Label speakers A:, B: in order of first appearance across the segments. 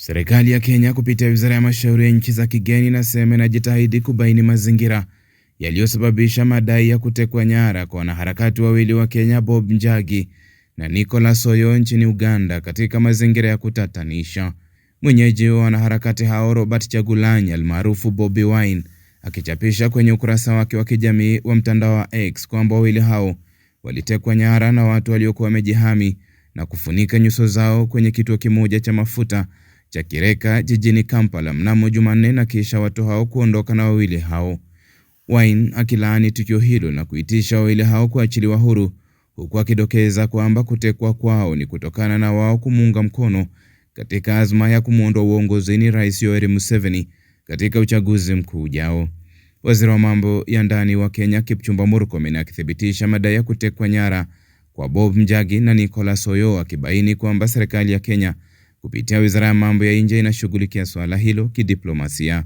A: Serikali ya Kenya kupitia wizara ya mashauri ya nchi za kigeni inasema inajitahidi kubaini mazingira yaliyosababisha madai ya kutekwa nyara kwa wanaharakati wawili wa Kenya, Bob Njagi na Nicholas soyo nchini Uganda, katika mazingira ya kutatanisha. Mwenyeji wa wanaharakati hao Robert Chagulanyi almaarufu Bobi Wine akichapisha kwenye ukurasa wake wa kijamii wa mtandao wa X kwamba wawili hao walitekwa nyara na watu waliokuwa wamejihami na kufunika nyuso zao kwenye kituo kimoja cha mafuta cha Kireka jijini Kampala mnamo Jumanne na kisha watu hao kuondoka na wawili hao. Wine akilaani tukio hilo na kuitisha wawili hao kuachiliwa huru huku akidokeza kwamba kutekwa kwao ni kutokana na wao kumuunga mkono katika azma ya kumwondoa uongozini Rais Yoweri Museveni katika uchaguzi mkuu ujao. Waziri wa mambo ya ndani wa Kenya Kipchumba Murkomen akithibitisha madai ya kutekwa nyara kwa Bob Njagi na Nicholas Oyo, akibaini kwamba serikali ya Kenya kupitia wizara ya mambo ya nje inashughulikia suala hilo kidiplomasia.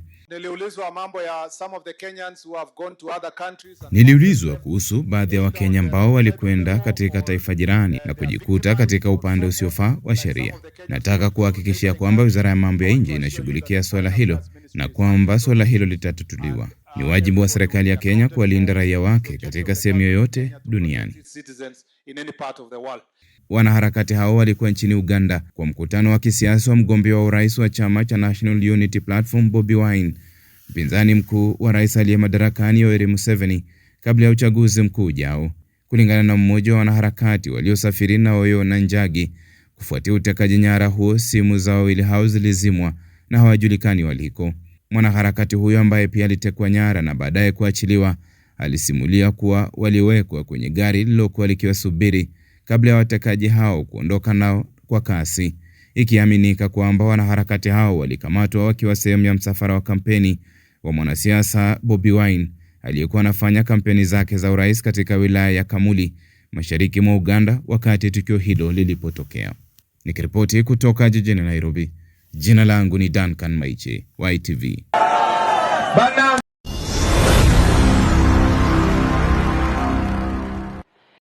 B: Niliulizwa kuhusu baadhi ya Wakenya ambao walikwenda katika taifa jirani na kujikuta katika upande usiofaa wa sheria. Nataka kuhakikishia kwamba wizara ya mambo ya nje inashughulikia suala hilo na kwamba suala hilo litatatuliwa. Ni wajibu wa serikali ya Kenya kuwalinda raia wake katika sehemu yoyote duniani.
A: Wanaharakati hao walikuwa nchini Uganda kwa mkutano wa kisiasa wa mgombea wa urais wa chama cha National Unity Platform Bobi Wine, mpinzani mkuu wa rais aliye madarakani Yoweri Museveni, kabla ya uchaguzi mkuu ujao. Kulingana na mmoja wa wanaharakati waliosafiri na oyo na Njagi, kufuatia utekaji nyara huo, simu za wawili hao zilizimwa na hawajulikani waliko. Mwanaharakati huyo ambaye pia alitekwa nyara na baadaye kuachiliwa, alisimulia kuwa waliwekwa kwenye gari lililokuwa likiwasubiri kabla ya watekaji hao kuondoka nao kwa kasi, ikiaminika kwamba wanaharakati hao walikamatwa wakiwa sehemu ya msafara wa kampeni wa mwanasiasa Bobi Wine aliyekuwa anafanya kampeni zake za urais katika wilaya ya Kamuli mashariki mwa Uganda wakati tukio hilo lilipotokea. Nikiripoti kutoka jijini Nairobi, jina langu ni Duncan Maiche, YTV.